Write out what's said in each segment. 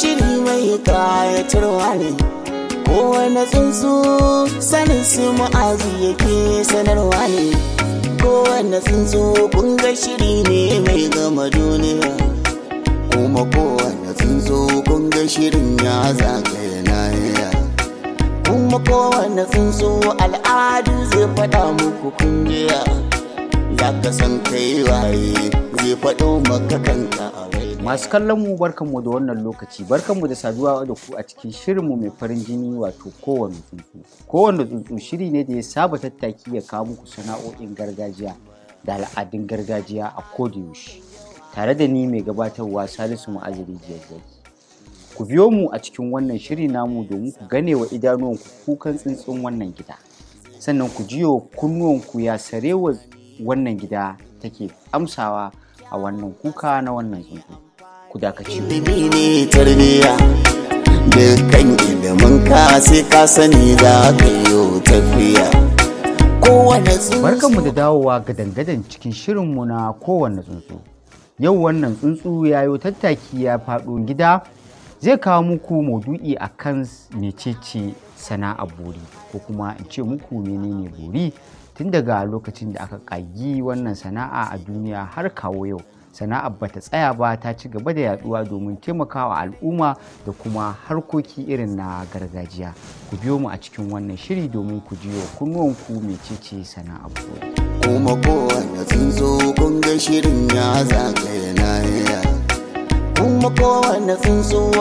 shiri mai kayatarwa ne kowane tsuntsu sanin su ma'azi yake sanarwa ne kowane tsuntsu kunga shiri ne mai gama duniya kuma kowane tsuntsu kunga shirin ya zagaya nahiya kuma kowane tsuntsu al'adu zai faɗa muku kungiya za ka kai waye zai faɗo maka kanka a Masu kallon mu barkanmu da wannan lokaci barkanmu da saduwa da ku a cikin shirin mu mai farin jini wato kowane tsuntsu. Kowane tsuntsu shiri ne da ya saba tattaki ya kawo muku sana'o'in gargajiya da al'adun gargajiya a yaushe tare da ni mai gabatarwa Salisu Ma'aziri Jiyar Ku biyo mu a cikin wannan shiri namu domin ku gane wa idanuwanku kukan tsuntsun wannan gida. Sannan ku jiyo kunnuwanku ya sarewa wannan gida take amsawa a wannan kuka na wannan tsuntsu. ku dakaci. ilimi ne tarbiya dukkan ilimin ka sai ka sani za ka yi tafiya Barkanmu da dawowa ga dangadan cikin mu na kowane tsuntsu. Yau wannan tsuntsu ya yi tattaki ya faɗo gida zai kawo muku maudu'i a kan mecece sana'a bori ko kuma in ce muku menene bori tun daga lokacin da aka ƙagi wannan sana'a a duniya har kawo yau. sana'ar bata tsaya ba ta ci gaba da yaduwa domin taimakawa al'umma da kuma harkoki irin na gargajiya ku biyo mu a cikin wannan shiri domin ku ji wa kunnuwanku mecece sana'ar kuma kowane sun zo kun ga shirin ya zagaya na kuma kowane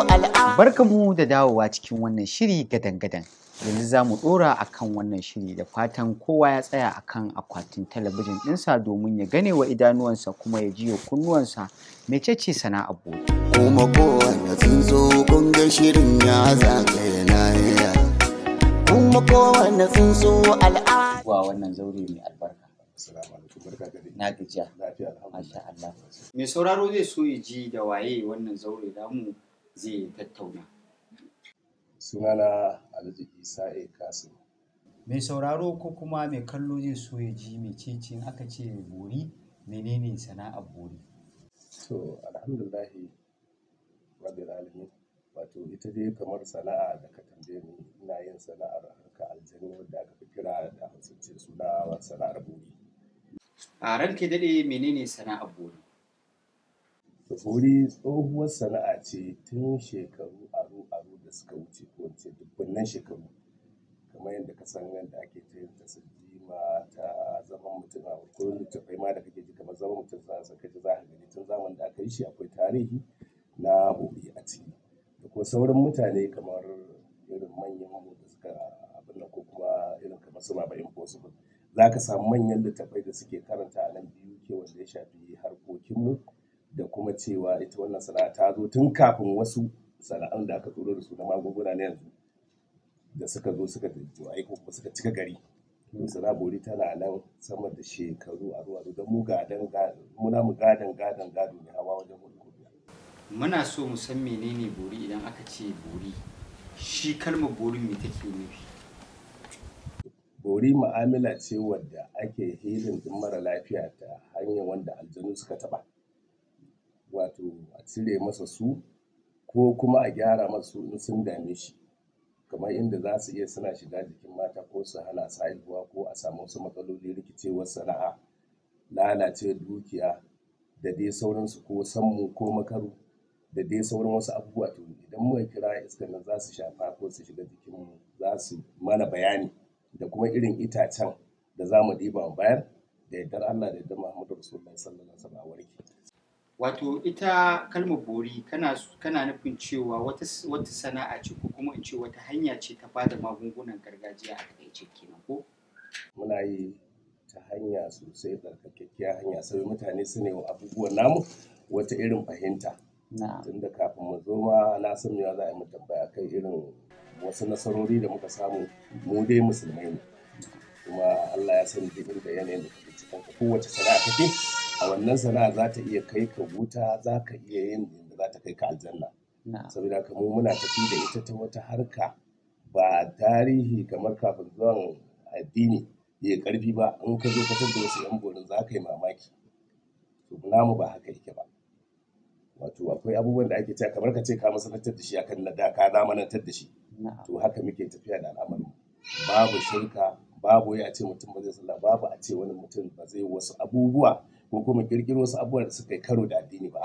al'a. da dawowa cikin wannan shiri gadan-gadan. Yanzu za mu ɗora a kan wannan shiri da fatan kowa ya tsaya a kan akwatin talabijin ɗinsa domin ya gane wa idanuwansa kuma ya jiya kunnuwansa mecece sana'a bota. Kuma kowane tsuntsu kun shirin ya zagaye na Kuma kowane tsuntsu al'a. Wa wannan zaure mai al'a. Na Mai sauraro zai so ya ji da waye wannan zaure namu zai tattauna. Sunana Alhaji Isa E. Kasim. Mai sauraro ko kuma mai kallo zai so ya ji mecece aka ce bori menene sana'ar bori. To alhamdulahi rabbil alamin wato ita dai kamar sana'a da ka tambaye ina yin sana'ar harka aljanu da aka fi kira da hausance suna sana'ar bori. A ranke daɗe menene sana'a buri buri tsohuwar sana'a ce tun shekaru aro-aro da suka wuce ko in ce dubbannan shekaru. Kamar yadda ka san yadda ake ta yin ta su jima ta zaman mutum a ko littattafai ma da kake ji kamar zaman mutum za su kaji za ka gani tun zamanin da aka yi shi akwai tarihi na bori a ciki. Da kuma sauran mutane kamar irin manyan mu da suka abin nan ko kuma irin kamar su Baba Impossible. za ka samu manyan littattafai da suke karanta a nan biyu ke wanda ya shafi harkokinmu da kuma cewa ita wannan sana'a ta zo tun kafin wasu sana'an da aka turo da su na magunguna na yanzu da suka zo suka aiko kuma suka cika gari to sana'a bori tana nan sama da shekaru a zuwa don mu gadan muna mu gadan gadan gado ne hawa wajen hudu muna so mu san menene bori idan aka ce bori shi kalmar bori me take nufi bori mu'amala ce wadda ake healing ɗin mara lafiya ta hanyar wanda aljanu suka taɓa wato a cire masa su ko kuma a gyara masa in sun dame shi kamar inda za su iya suna shiga jikin mata ko su hana su haihuwa ko a samu wasu matsaloli rikicewar sana'a lalacewar dukiya da dai sauransu ko sammu ko makaru da dai sauran wasu abubuwa to idan muka kira iskar nan za su shafa ko su shiga jikinmu za su mana bayani da kuma irin itacen da za mu ɗiba mu bayar da yardar Allah da yardar Muhammadu da sallallahu alaihi wasallam Wato ita kalmar bori kana nufin cewa wata sana'a ce ko kuma in ce wata hanya ce ta bada magungunan gargajiya a takaice kenan ko? Muna yi ta hanya sosai tsarkakakkiyar hanya sai mutane su ne wa abubuwan namu wata irin fahimta. Tunda kafin mu zo ma na san me za a yi mu tambaya kai irin wasu nasarori da muka samu mu dai musulmai ne kuma Allah ya sani duk da yanayin da kake cikin ka kowace sana'a kake a wannan sana'a za ta iya kai ka wuta za ka iya yin da za ta kai ka aljanna saboda haka mu muna tafi da ita ta wata harka ba tarihi kamar kafin zuwan addini ya karfi ba in ka zo ka da wasu yan borin za ka yi mamaki to namu ba haka yake ba wato akwai abubuwan da ake cewa kamar ka ce ka masanantar da shi akan na da ka zamanantar da shi to haka muke tafiya da al'amarin babu shirka babu ya ce mutum ba zai sallah babu a ce wani mutum ba zai wasu abubuwa ko kuma kirkiro wasu abubuwa da suka yi karo da addini ba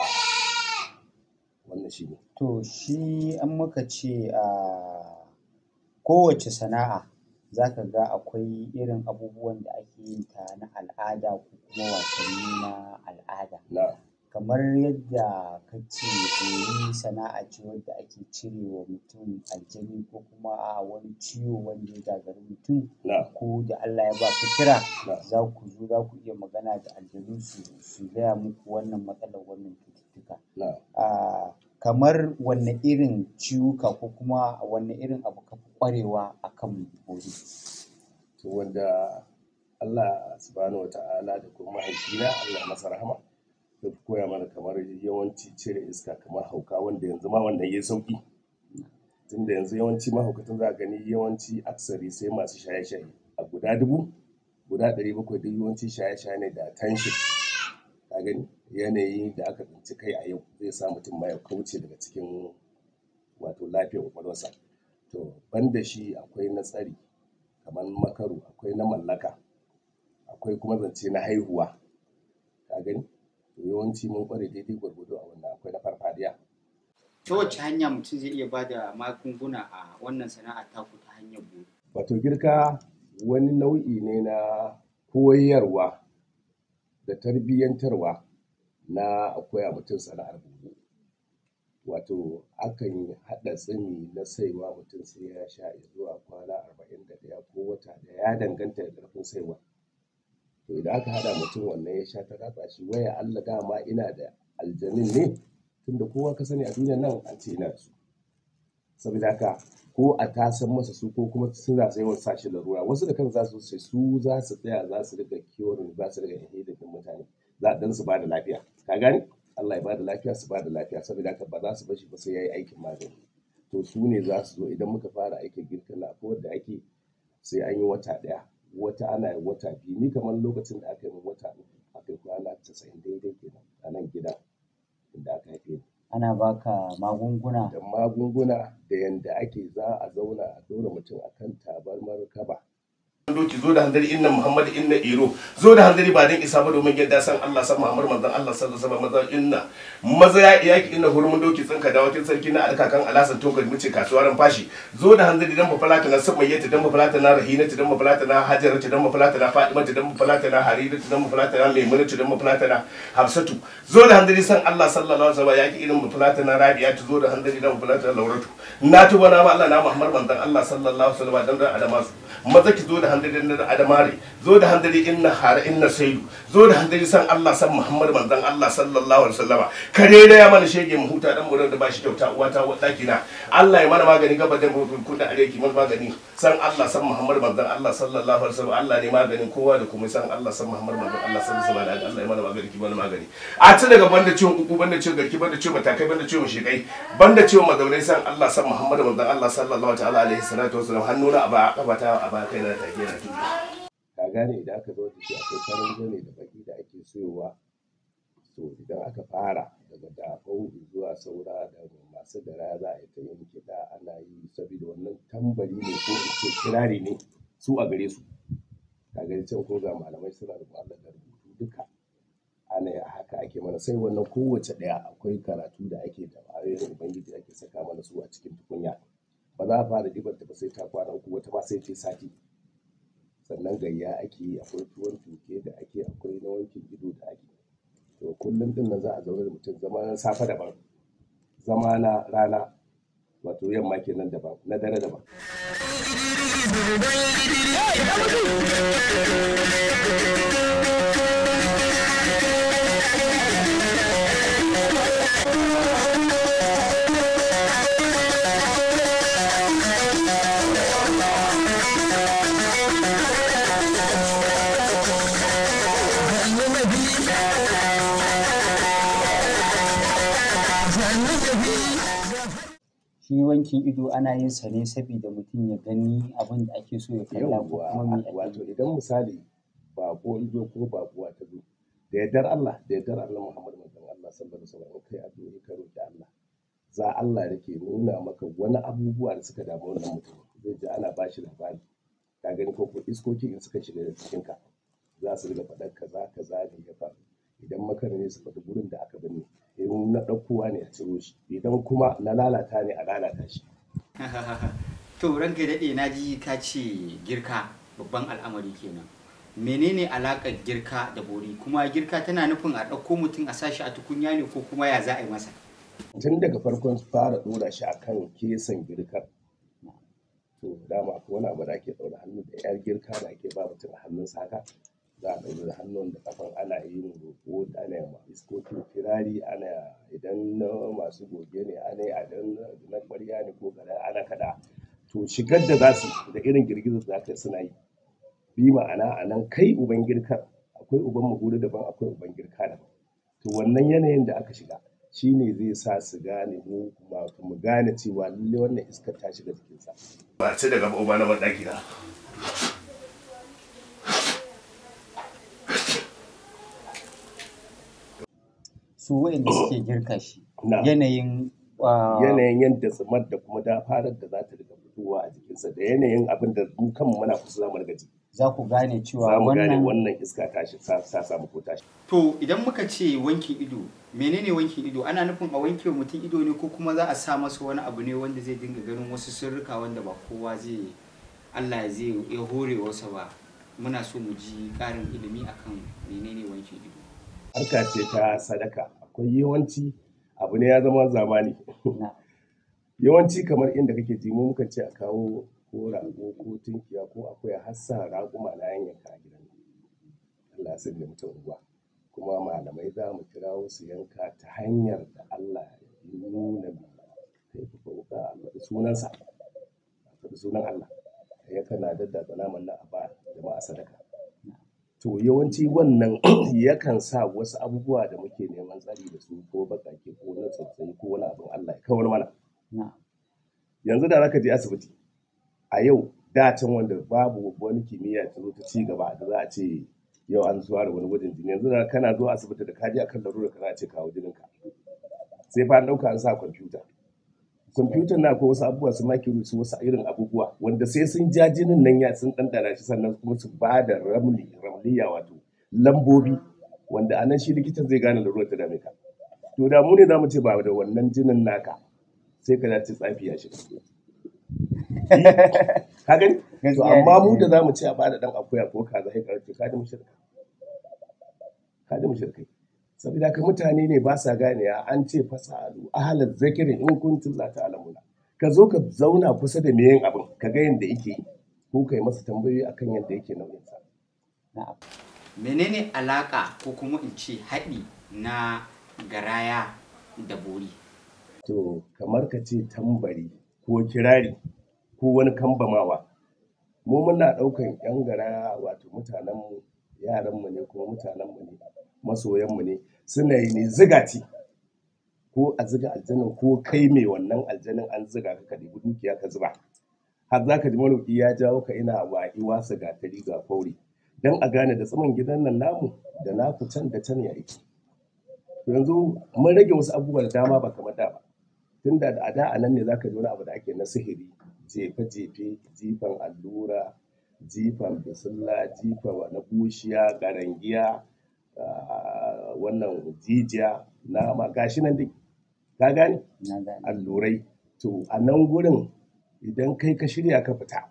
wannan shi ne to shi an muka ce a kowace sana'a za ka ga akwai irin abubuwan da ake yin ta na al'ada ko kuma wasanni na al'ada Kamar yadda ka ce sana'a ce wadda ake cire wa mutum aljani ko kuma wani ciwo wanda ya gagari mutum. ko da Allah ya ba kira za ku zo za ku iya magana da aljanu su su gaya muku wannan matsalar wannan cututtuka. kamar wanne irin ciwuka ko kuma wanne irin abu ka fi ƙwarewa a kan bori? To wanda Allah subhanahu wa ta'ala da kuma mahaifina Allah masa rahama. ta koya mana kamar yawanci cire iska kamar hauka wanda yanzu ma wannan ya sauki tunda yanzu yawanci mahaukatan za a gani yawanci aksari sai masu shaye-shaye a guda dubu guda ɗari bakwai duk yawanci shaye-shaye ne da attention ka gani yanayi da aka tsinci kai a yau zai sa mutum ma ya kauce daga cikin wato lafiyar kwakwalwarsa to banda shi akwai na tsari kamar makaru akwai na mallaka akwai kuma zance na haihuwa ka gani yawanci mun kware daidai gwargwado a wannan akwai na farfadiya ta wacce hanya mutum zai iya ba da magunguna a wannan sana'a ta ta hanyar buru wato girka wani nau'i ne na koyarwa da tarbiyyantarwa na akwai a mutum sana'ar buru wato akan yi haɗa tsini na saiwa mutum sai ya sha zuwa kwana arba'in da ɗaya ko wata ɗaya ya danganta da ƙarfin saiwa to idan aka hada mutum wannan ya sha ta ratsa shi waya Allah dama ina da aljanin ne tunda kowa ka sani a duniya nan an ce ina su saboda haka ko a tasan masa su ko kuma suna yi sa shi da ruwa wasu da kan za su sai su za su tsaya za su rika kiwon za su rika hidin mutane za dan su bada lafiya ka gani Allah ya bada lafiya su bada lafiya saboda haka ba za su shi ba sai yayi aikin magani to su ne za su zo idan muka fara aikin girkin na ko da ake sai an yi wata daya wata ana yin wata biyu ni kamar lokacin da aka yi min wata uku aka kwana casa'in daidai kenan a nan gida inda aka haife ni ana baka magunguna da magunguna da yanda ake za a zauna a ɗora mutum akan tabarmar kaba doki zo da handari inna muhammad inna iro zo da handari ba dan isa ba domin yadda san Allah san muhammad manzon Allah sallallahu alaihi wasallam inna maza ya iyaki inna hurmun doki tsinka da wakin sarki na alkakan alasan to gari muce kasuwar fashi zo da handari dan falata na sumayyata dan falata na ta dan falata na ta dan falata na ta dan falata na ta dan falata na ta dan falata na hafsatu zo da handari san Allah sallallahu alaihi wasallam yaki irin falata na rabiya ta zo da handari dan falata na lauratu na tuba na ba Allah na muhammad manzon Allah sallallahu alaihi wasallam dan da adamasu maza ki zo da handari na adamare zo da handari inna hara inna saidu zo da handari san Allah san Muhammad manzon Allah sallallahu alaihi wasallama kare da ya mana shege mu huta dan murar da bashi kyauta uwata wa daki na Allah ya mana magani gaba da a gaki mun magani san Allah san Muhammad manzon Allah sallallahu alaihi wasallama Allah ne maganin kowa da kuma san Allah san Muhammad manzon Allah sallallahu alaihi wasallama Allah ya mana magani ki mana magani a ci daga banda ciwon kuku banda ciwon garki banda ciwon matakai banda ciwon shekai banda ciwon mazaunai san Allah san Muhammad manzon Allah sallallahu alaihi wasallama hannuna a ba a ba kai na tage na ka gane idan aka zo da shi akwai farin zane da baki da ake soyowa to idan aka fara daga dafau zuwa saura da masu dara za a yi ta yin kiɗa ana yi saboda wannan tambari ne ko ce kirari ne su a gare su kaga can ko ga malamai suna rubuta da rubutu duka ana yi haka ake mana sai wannan kowace ɗaya akwai karatu da ake da ayoyin ubangiji ake saka mana su a cikin tukunya ba za a fara ɗibar ta ba sai ta kwana uku wata ma sai yi sati sannan gayya ake yi akwai tuwon tuke da ake akwai na wankin ido da ake to kullum din nan za a zaune da mutum zama na safe daban zama na rana wato yamma kenan daban na dare daban aikin ido ana yin sa ne saboda mutum ya gani abin da ake so ya kalla ko kuma me wato idan misali bako ido ko bakuwa ta zo da yardar Allah da yardar Allah Muhammadu manzon Allah sallallahu alaihi wasallam kai addu'o'i ka roƙi Allah za Allah yake nuna maka wani abubuwa da suka damu wannan mutum zai ji ana bashi labari ka gani ko ko iskoki in suka shiga cikin ka za su riga faɗar kaza kaza da ya faru idan makarne su faɗi gurin da aka binne in na ɗaukowa ne a ciro shi idan kuma na lalata ne a lalata shi to ranka daɗe na ji ka ce girka babban al'amari kenan menene alaƙar girka da bori kuma girka tana nufin a ɗauko mutum a sashi a tukunya ne ko kuma ya za a yi masa tun daga farkon fara ɗora shi akan kesan girkar to dama ko wani abu da ake ɗaura hannu da yar girka da ake ba mutum a hannun saka za ɗauki da hannun da ƙafan ana yin roƙo ana ma iskokin kirari ana idan na masu goge ne idan na ƙwarya ne ko ana kaɗa to shigar da za su da irin girgizar da zaka yi suna yi bi ma'ana a nan kai uban girkar akwai uban mugori daban akwai uban girka daban to wannan yanayin da aka shiga shi ne zai sa su gane mu mu gane cewa lallai wannan iskar ta shiga jikinsa. sa. Ba ce daga uba na banɗaki na. su wayanda suke girka shi yanayin ah, yanayin yadda zamar da kuma dafarar da za ta riga fitowa a jikinsa da yanayin abin da mu kan muna kusa zamu riga za ku gane cewa wannan wannan iska ta shi ta samu ko tashi to idan muka ce wankin ido menene wankin ido ana nufin a wanke mutum ido ne ko kuma za a sa masa wani abu ne wanda zai dinga ganin wasu sirrika wanda ba kowa zai Allah ya zai ya hore wasa ba muna so mu ji karin ilimi akan menene wankin ido harka ce ta sadaka akwai yawanci abu ne ya zama zamani yawanci kamar inda kake ji mu muka ce a kawo ko rago ko tunkiya ko akwai hassan sa raƙuma na yanyanka a gidan Allah ya sanya mutum ruwa kuma malamai za mu kira wasu yanka ta hanyar da Allah ya nuna sunansa sunan Allah yanka na da naman nan a ba jama'a sadaka to yawanci wannan yakan sa wasu abubuwa da muke neman tsari da su ko baƙaƙe ko na tsautsayi ko wani abin Allah ya kawar mana yanzu da zaka je asibiti a yau da can wanda babu wani kimiyya ta zo ta ci gaba da za a ce yau an zuwa da wani gwajin jini yanzu da kana zuwa asibiti da kaji akan larura ka ce kawo jinin ka. sai fa an ɗauka an sa kwamfuta kwamfutan na ko wasu abubuwa su makiru su wasu irin abubuwa wanda sai sun ja jinin nan ya sun ɗanɗana shi sannan kuma su ba da ramli ramliya wato lambobi wanda a nan shi likitan zai gane larurar ta dame ka to da mu ne za mu ce ba da wannan jinin naka sai ka dace tsafi ya shi ka gani to amma mu da za mu ce a ba da dan akuya ko kaza sai ka ka da shirka, ka da shirka. saboda ka mutane ne ba sa gane an ce fasa a ahalar zakirin in kun la ta'lamuna ka zo ka zauna kusa da meyin abin ka ga yadda yake yi ko kai masa tambayoyi akan yadda yake nauyin sa menene alaka ko kuma in ce haɗi na garaya da bori to kamar ka ce tambari ko kirari ko wani kambamawa mu muna ɗaukan yan garaya wato mutanenmu yaranmu ne kuma mutanenmu ne masoyanmu ne suna yi ne zigati ko a ziga aljanin ko kai mai wannan aljanin an ziga ka ka dukiya ka zuba har za ka ji maroƙi ya jawo ka ina wa iwa ga tari ga kauri don a gane da tsaman gidan nan namu da ku can da can ya yake yanzu mun rage wasu abubuwa da dama ba kamar da ba tunda da a da a nan ne zaka ji wani abu da ake na sihiri jefe-jefe jifan allura jifan basilla jifa na bushiya garangiya Ah, wannan jijiya nama gashi nan dai ka gane allurai to a nan gurin idan kai ka shirya ka fita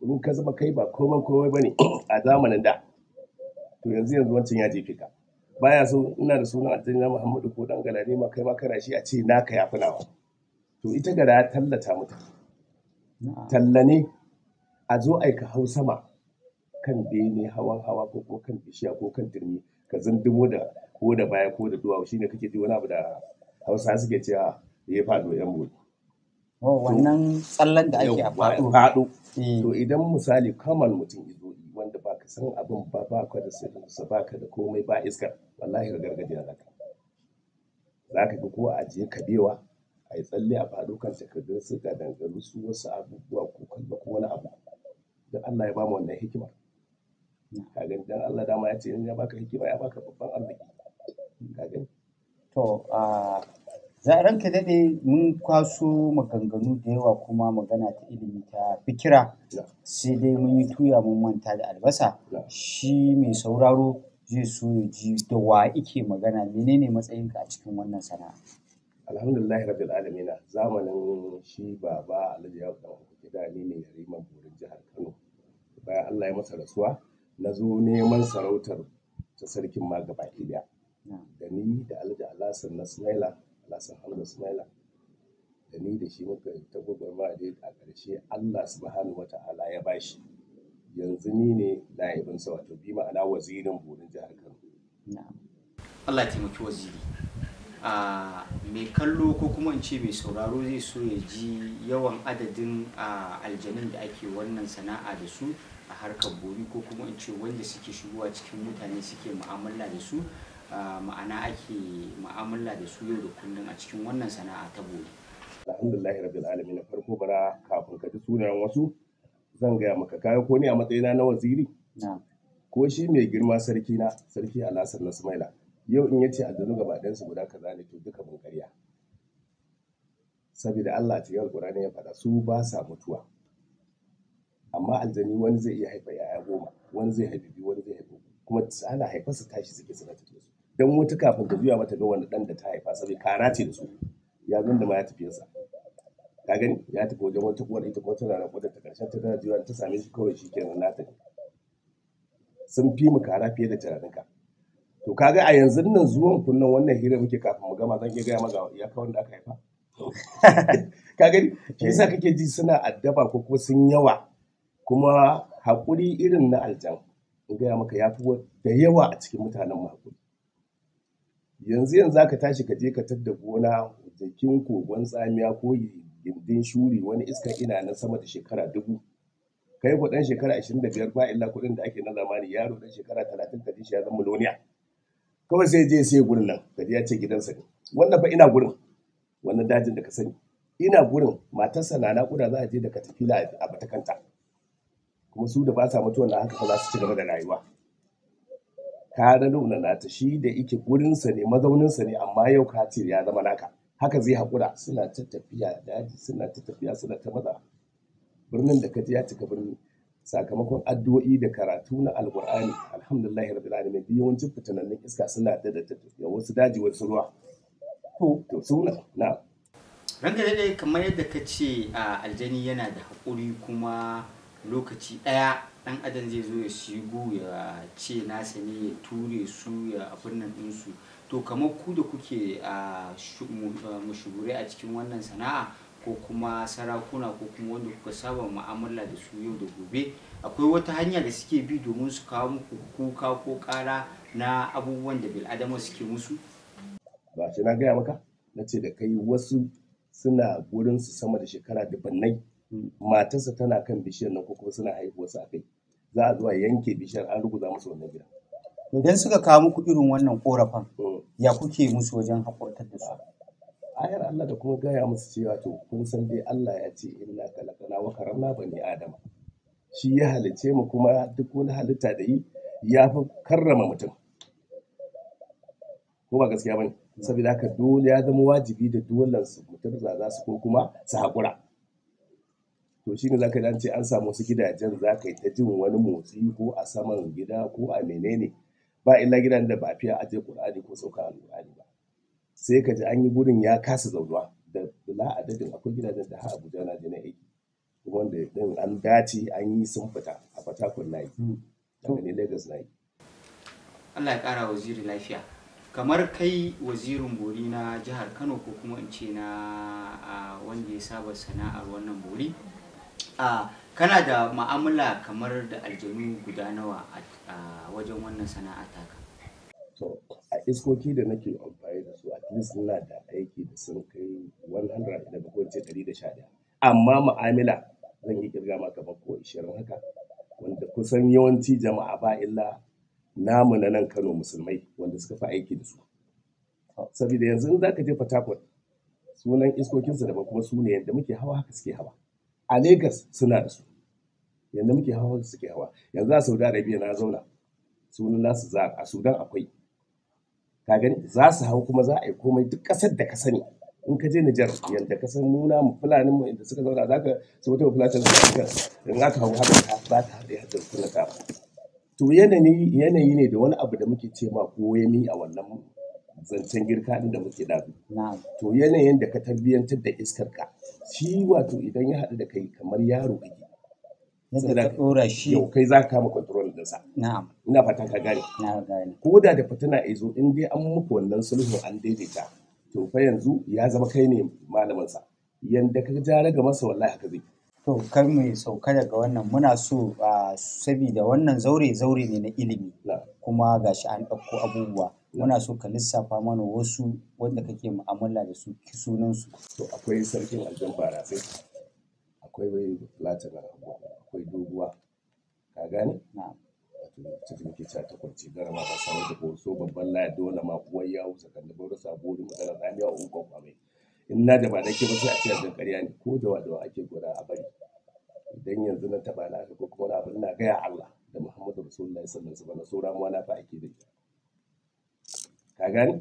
in ka zama kai ba komai komai bane a zamanin da to yanzu yanzu wancan ya jefe ka baya so ina da sunan addini na Muhammadu ko dan galade ma kai ma kana shi a ce naka ya nawa to ita gara ya tallata mutu talla ne a zo aika hau sama kan bene hawan hawa ko kan bishiya ko kan turmi ka zindimo da ko da baya ko da duwawu shine kake ji wani abu da hausa suke cewa ya faɗo yan bude oh, wannan tsallan da ake a faɗo eh. to idan misali kamal mutum izo wanda ba ka san abin ba ba ka da sirrinsa ba ka da komai ba iska wallahi ka da zaka za ka ga ko a je bewa, a yi tsalle a faɗo kan takardun su ga dangaru su wasu abubuwa ko kalla ko wani abu don Allah ya mu wannan hikimar dan Allah dama ya ce in ya baka hikima ya baka babban arziki to a za ranka daɗe mun kwaso maganganu da yawa kuma magana ta ilimi ta fikira sai dai mun yi tuya mun manta da albasa shi mai sauraro zai so ya ji da wa ike magana menene matsayinka a cikin wannan sana'a alhamdulillah rabbil alamin zamanin shi baba alhaji ya dan ne ne yariman burin jihar Kano bayan Allah ya masa rasuwa na zo neman sarautar ta sarkin ma gaba ɗaya da ni da alhaji alasan na sumaila alasan hamza sumaila da ni da shi muka ta gwagwarma dai a ƙarshe allah subhanahu ta'ala ya bashi yanzu ni ne na sa wato bi ma'ana wazirin burin jihar kano allah ya taimaki waziri a mai kallo ko kuma in ce mai sauraro zai so ya ji yawan adadin aljanun da ake wannan sana'a da su a harkar bori ko kuma in ce wanda suke shigowa cikin mutane suke mu'amala da su ma'ana ake mu'amala da su yau da kullum a cikin wannan sana'a ta bori alhamdulillahi rabbil alamin farko bara kafin ka ji sunan wasu zan gaya maka kayan ko ni a matsayina na waziri ko shi mai girma sarki na sarki alasar sumaila yau in yace aljanu gaba ɗayan su guda ka zane to duka mun karya saboda Allah ta yi alƙur'ani ya faɗa su ba sa mutuwa amma aljani wani zai iya haifa yaya goma wani zai haifi biyu wani zai haifi kuma ana haifar su tashi suke suna tafi da su dan wata kafin ta juya mata ga wani dan da ta haifa saboda kara ce da su ya da ma ya tafi yasa ka gani ya tafi wajen wata uwar ita kuma tana rabu da ta karshen ta tana juya ta same shi kawai shi kenan na tafi sun fi mu kara fiye da tunaninka to kaga a yanzu nan zuwan kunnan wannan hira muke kafin mu gama zan iya gaya maka ya kawai da aka haifa ka gani shi yasa kake ji suna addaba ko kuma sun yawa kuma haƙuri irin na aljan in gaya maka ya fi da yawa a cikin mutanen mu haƙuri yanzu yanzu za ka tashi ka je ka tadda gona jikin kogon tsamiya ko gindin shuri wani iska ina nan sama da shekara dubu kai ku ɗan shekara ashirin da biyar ba illa kuɗin da ake na zamani yaro ɗan shekara talatin ka shi ya zama miloniya kawai sai je sai gurin nan ka ya ce gidansa ne wannan fa ina gurin wannan dajin da ka sani ina gurin matarsa na naƙuda za a je da katafila a batakanta kuma su da ba sa mutuwa na haka fa za su ci gaba da rayuwa ka nuna ta shi da yake gurinsa ne mazauninsa ne amma yau ka ce ya zama naka haka zai haƙura suna ta tafiya daji suna ta tafiya suna ta maza birnin da ka ji ya cika birni sakamakon addu'o'i da karatu na Alƙur'ani, alhamdulillahi rabbil alamin duk yawancin fitanannin iska suna da da tafiya wasu daji wasu ruwa to to suna na ranka ne kamar yadda ka ce aljani yana da haƙuri kuma lokaci ɗaya ɗan adam zai zo ya shigo ya ce nasa ne ya ture su ya nan ɗinsu to kamar ku da kuke a a cikin wannan sana'a ko kuma sarakuna ko kuma wanda kuka saba mu'amala da su yau da gobe akwai wata hanya da suke bi domin su kawo muku kuka ko ƙara na abubuwan da bil'adama suke musu ba shi na gaya maka na ce da kai wasu suna gurin su sama da shekara dubannai matarsa tana kan bishiyar nan ko kuma suna haihuwa su akai za a zuwa yanke bishiyar an ruguza musu wannan gida idan suka kawo muku irin wannan korafan mm. ya kuke musu wajen haƙurtar da su ayar Allah da kuma gaya musu cewa to kun san dai Allah ya ce inna kalakana wa karamna bani adama shi ya halice mu kuma duk wani halitta da yi ya fi karrama mutum ko ba gaskiya bane saboda haka dole ya zama wajibi da dole su mutum za su ko kuma su haƙura to shi ne za ka ce an samu wasu gidajen za ka yi ta jin wani motsi ko a saman gida ko a menene ba illa gidan da ba fiya aje kur'ani ko sauka a alƙur'ani ba sai ka ji an yi gurin ya kasa zaunuwa da a dadin akwai gidajen da har abuja na jina aiki wanda din an dace an yi sun fita a fatakun na yi hmm. daga lagos na yi allah ya kara waziri lafiya kamar kai wazirin bori na jihar kano ko kuma in ce na wanda ya saba sana'ar wannan bori a kana da ma'amala kamar da aljanu guda nawa a wajen wannan sana'a taka to a iskoki da nake amfani da su a least ina da aiki da sun kai 100 da ko ce 111 amma ma'amala zan yi kirga maka bako a 20 haka wanda kusan yawanci jama'a ba illa namu na nan Kano musulmai wanda suka fi aiki da su saboda yanzu in ka je Fatakwal, Harcourt sunan da daban kuma su ne yadda muke hawa haka suke hawa a Legas suna da su yadda muke hawa suke hawa yanzu a Saudi Arabia na zauna sunan nasu za a Sudan akwai ka gani za su hau kuma za a yi komai duk ƙasar da ka sani in ka je Nijar yadda ka san nuna mu fulanin mu inda suka zauna zaka su wata fulanin su ka in aka hau haka ta ba ta haɗe haɗin kuna ka to yanayi yanayi ne da wani abu da muke ce ma koyami a wannan zancen girka din da muke dazu to yanayin da ka tarbiyyantar da iskar ka shi wato idan ya haɗu da kai kamar yaro kake yadda ka dora shi yau kai za ka kama control din sa na'am ina fata ka gane na gane ko da da fitina izo in dai an muku wannan sulhu an daidaita to fa yanzu ya zama kai ne malamin sa yanda ka ja ga masa wallahi haka zai to kar mu sauka daga wannan muna so ah, sabida wannan zaure zaure ne na ilimi kuma gashi an ɗauko abubuwa muna so ka lissafa mana wasu wanda kake mu'amala da su sunansu. To akwai sarkin aljan barafai, akwai wai latinar akwai doguwa, ka gane? ta jirgin ta ta kwanci gara ma ba sa da ko so babban laya dole ma kuwa ya wuce kan da bari sabo da magana tsami a in na da ba nake ba sai a ce da karya ne ko da wadawa ake gura a bari idan yanzu na taba na ko kuma na abin na gaya Allah da Muhammadu Rasulullahi sallallahu alaihi wasallam so ramuwa na fa ake da ka gani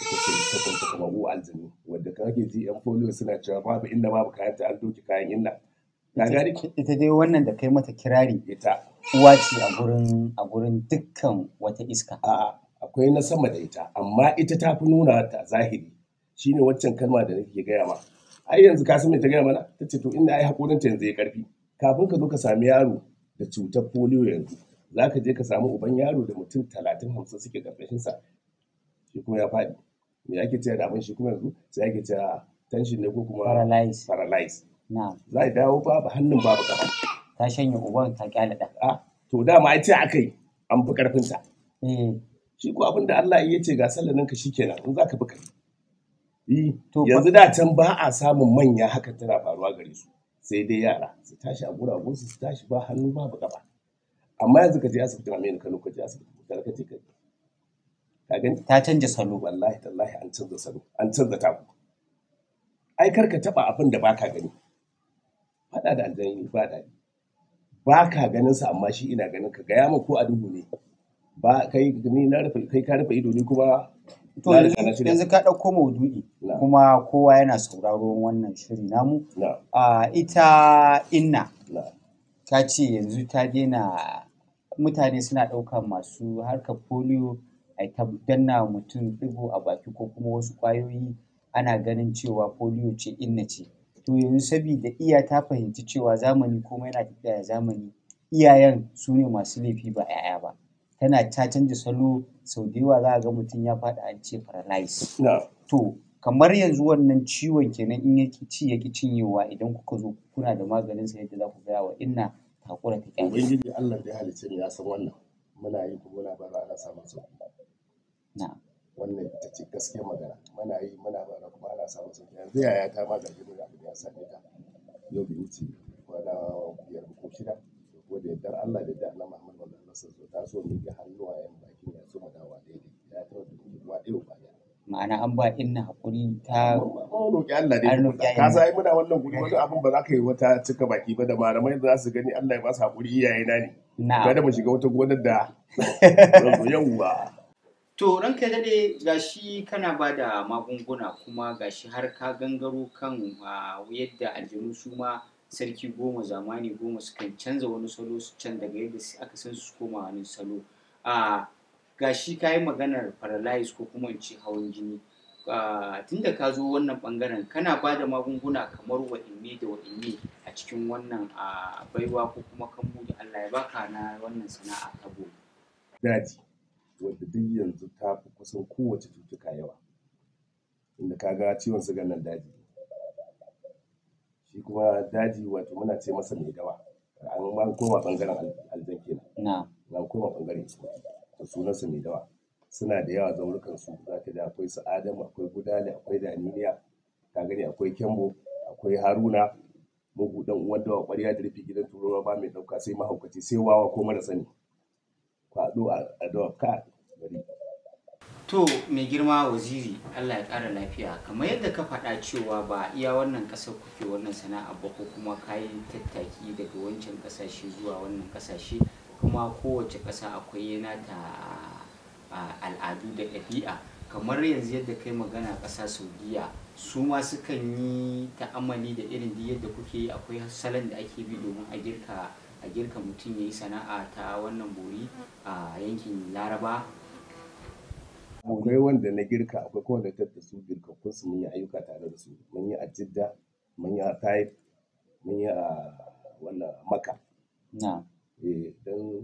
ita ta kwanta aljanu wadda ji yan foliyo suna cewa babu inda babu kayan ta an doki kayan illa ita dai wannan da kai mata kirari ita uwa ce a gurin a gurin dukkan wata iska a akwai na sama da ita amma ita ta fi nuna ta zahiri shine waccan kalma da nake gaya ma ai yanzu ka san me ta gaya mana ta ce to inda ai hakorin ta yanzu ya karfi kafin ka zo ka sami yaro da cutar foliyo yanzu za ka je ka samu uban yaro da mutum talatin hamsin suke karkashin sa shi kuma ya faɗi me ake da abin shi kuma yanzu sai ake ce tension ne ko kuma paralyze paralyze za a dawo ba hannun babu kafa ta shanye uban ta kyale da a ah, to da ma ce akai an fi karfin ta eh. shi ko abin da Allah ya ce ga sallanin ka shikenan in zaka bi kai eh, yanzu da can ba a samun manya hakan tana faruwa gare su sai dai yara su tashi a gosu su tashi ba hannu babu kafa amma yanzu ka je asibitin Aminu Kano ka je asibiti ka je ka ta canja salo wallahi tallahi an canza salo an canza taku ai karka taba abin da baka gani fada da aljani ba daɗi ba ka ganin sa amma shi ina ganin ka gaya ma ko a duhu ne ba kai ni na rufe kai ka rufe ido ne kuma to yanzu ka ɗauko maudu'i kuma kowa yana sauraro wannan shiri namu a ita inna ta ce yanzu ta daina mutane suna ɗaukar masu harkar polio ai ta danna mutum ɗigo a baki ko kuma wasu kwayoyi ana ganin cewa polio ce inna ce to yanzu sabida iya ta fahimci cewa zamani komai yana tafiya da zamani iyayen su ne masu laifi ba 'ya'ya ba tana ta canza salo sau da yawa za a ga mutum ya faɗi an ce paralyze to kamar yanzu wannan ciwon kenan in yaki ci yaki cinyewa idan kuka zo kuna da maganin sa yadda za ku gaya wa inna takura ta kyale ubangiji Allah da ya halicce ya san wannan muna yi kuma muna ba ana samun sauki wannan ita ce gaskiyar magana muna yi muna bara kuma ana samun sauki yanzu yaya ta ma zargi mun abin ya same ta yau bai wuce kwana biyar ko shida ko da yardar Allah da yardar Allah Muhammad wannan Allah sun ta so mu ga hannuwayen bakin ya so mu dawa daidai ya tawo da kuma ɗaya ba ya ma'ana an ba inna hakuri ta roƙi Allah dai ka sai muna wannan guri wani abin ba za ka yi wata cika baki ba da malamai za su gani Allah ya ba su hakuri iyaye na ne kada mu shiga wata gonar da yawwa To ranka ya daɗe gashi kana ba da magunguna kuma gashi har ka gangaro kan yadda aljanu su ma sarki goma zamani goma sukan canza wani salo su can daga yadda aka san su koma wani salo. A gashi ka yi maganar paralyze ko kuma ci hawan jini. Tunda ka zo wannan ɓangaren, kana ba da magunguna kamar wa'inne da wa'inne a cikin wannan baiwa ko kuma kan Allah ya baka na wannan sana'a ta gobe. wadda duk yanzu ta fi kusan kowace cutuka yawa inda ka ga ciwon sugan nan daji shi kuma daji wato muna ce masa mai dawa an ma koma bangaren aljan kenan na koma bangaren su. da sunansa mai dawa suna da yawa zaurukan su za ka da akwai su adamu akwai gudali akwai daminiya. Ta gani akwai kyambo akwai haruna mugu dan uwan dawa kwarya da rufi gidan turawa ba mai dauka sai mahaukaci sai wawa ko mara sani a doka to mai girma waziri allah ya ƙara lafiya kamar yadda ka faɗa cewa ba iya wannan ƙasar kuke wannan sana'a ba ko kuma kayan tattaki daga wancan ƙasashe zuwa wannan ƙasashe kuma kowace ƙasa akwai yana ta al'adu da ɗabi'a kamar yanzu yadda kai magana ƙasa saudiya su ma sukan yi ta'amali da irin yadda kuke yi akwai salon da ake bi domin a girka a girka mutum ya yi sana'a ta wannan bori a yankin laraba akwai wanda na girka akwai kuma da tattar su girkakkun su mun yi ayyuka tare da su mun yi a jidda mun yi a taif mun yi a ah, wannan maka na eh alhamdulillah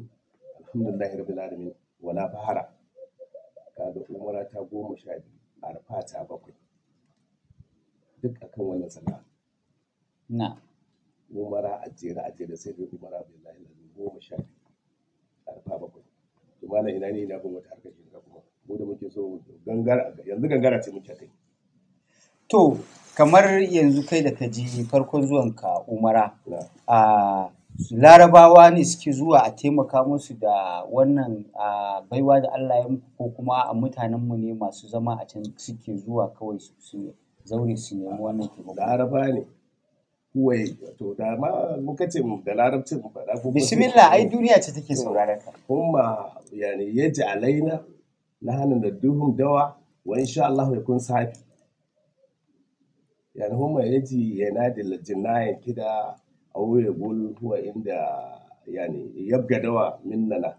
alhamdulillah rabu alamin wala fahara kaga umara ta goma sha biyu arfa ta bakwai duk akan wannan sana'a na umara a jera a jera sai dai umara na lazim goma sha biyu arfa bakwai to mana ina ne ina bin wata harkar shirka kuma mu da muke so gangara yanzu gangara ce muke kai to kamar yanzu kai da ka ji farkon zuwan ka umara a larabawa ne suke zuwa a taimaka musu da wannan baiwa da Allah ya muku ko kuma a mutanenmu ne masu zama a can suke zuwa kawai su zaure su nemi wannan taimako larabawa ne kuwait to da ma lokacin da larabcin faɗa ko bismillah ai duniya ce take sauraron ka kuma yani yaji alaina na hannun da duhun dawa wa insha Allah ya kun safi yani huma yaji yana da jinnayin kida auye gol huwa inda yani yabga dawa minnana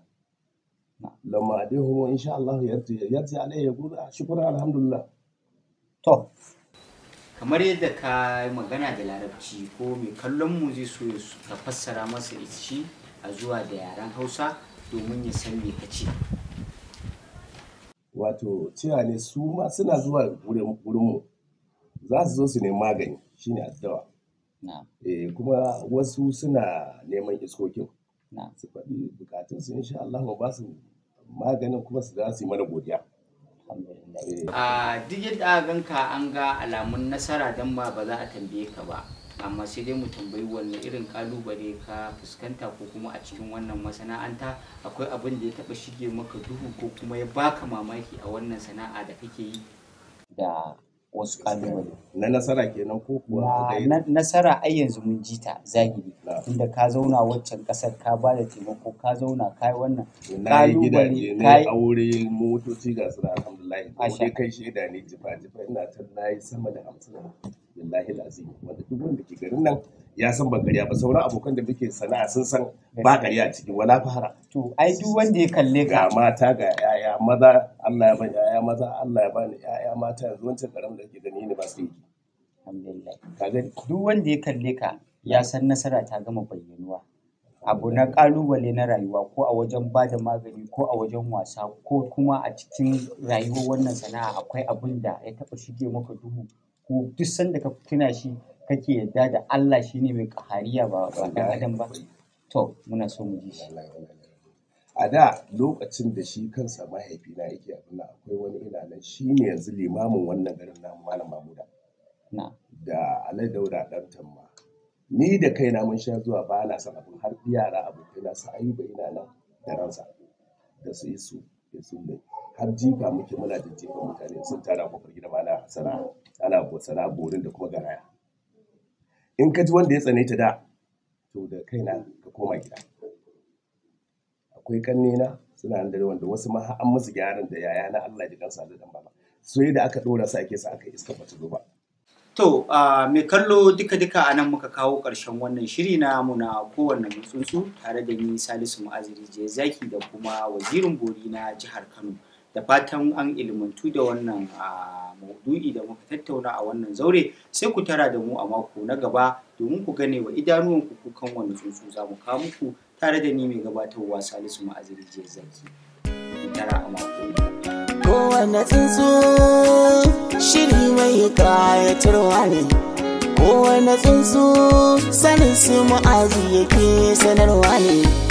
lamma dai huwa insha Allah yarji yarji alai ya guda shukran alhamdulillah to kamar yadda ka magana da larabci ko mai kallon mu zai so ka fassara masa ishi a zuwa da yaren hausa domin ya san me ka ce wato cewa ne su ma suna zuwa wurinmu za su zo su nemi magani shine addawa eh kuma wasu suna neman iskokin su faɗi su insha Allah ba su maganin kuma su za su yi mana godiya a duk yadda ganka an ga alamun nasara don ba ba za a tambaye ka ba amma sai dai mu tambayi wanne irin kalubale ka fuskanta ko kuma a cikin wannan masana'anta akwai abin da ya taba shige maka duhu ko kuma ya baka mamaki a wannan sana'a da kake yi da wasu kalubale na nasara kenan ko kuwa nasara ai yanzu mun ji ta zahiri tunda ka zauna waccan kasar ka ba da taimako ka zauna ka yi wannan na yi gidaje na yi aure motoci ga su da alhamdulahi shi kai shaida ne jifa jifa ina ta na yi sama da hamsin billahi lazim wanda duk wanda ke garin nan ya san ba karya ba sauran abokan da muke sana'a sun san ba karya a cikin wala fahara to ai duk wanda ya kalle ka ga mata ga yaya maza Allah ya bani yaya maza Allah ya bani yaya mata yanzu wancan karam da ke gani ne ba su yi alhamdulillah duk wanda ya kalle ka ya san nasara ta gama bayyanuwa abu na kalubale na rayuwa ko a wajen ba da magani ko a wajen wasa ko kuma a cikin rayuwar wannan sana'a akwai abin da ya taɓa shige maka duhu ko duk sanda ka tuna shi kake yadda da Allah ne mai kahariya ba ba adam ba to muna so mu ji shi a da lokacin da shi kansa mahaifina yake abin akwai wani ina nan shine yanzu limamin wannan garin namu malam Mamuda da Alai Daura dan Tamma ni da kaina mun sha zuwa ba na san abin har yara abokaina su ayuba ina nan da ransa da su yi su da su ne har jifa muke muna jijjiga mutane sun tara kofar gida ba na sana'a ana sana'a borin da kuma garaya in ka ji wanda ya tsane ta da to da kaina ka koma gida akwai kannena suna nan da wanda wasu ma an musu gyaran da yaya na Allah ya gansa da dan baba sai da aka dora su ake sa aka iska bata zo ba to Me kallo duka duka a nan muka kawo karshen wannan shiri na muna kowanne mutsunsu, tare da ni Salisu Mu'aziri je zaki da kuma wazirin bori na jihar Kano da fatan an ilmantu da wannan ah, maudu'i da muka tattauna a wannan zaure sai ku tara da mu a mako na gaba domin ku gane wa idanuwanku kukan wani tsuntsu za mu kawo muku tare da ni mai gabatarwa salisu ma'aziri jiya zaki ku tara a mako kowane tsuntsu shiri mai kayatarwa ne kowane tsuntsu sanin su ma'azi yake sanarwa ne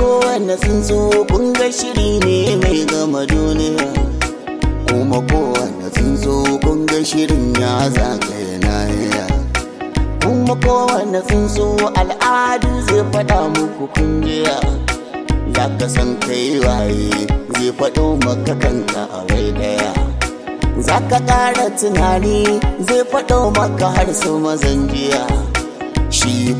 kowane tsuntsu kun ga shiri ne mai gama duniya kuma kowane tsuntsu kun ga shirin ya na nahiya kuma kowane tsuntsu al'adu zai faɗa muku kungiya za ka san kai waye zai faɗo maka kanka a wai daya za ka ƙara tunani zai faɗo maka har su mazan jiya shi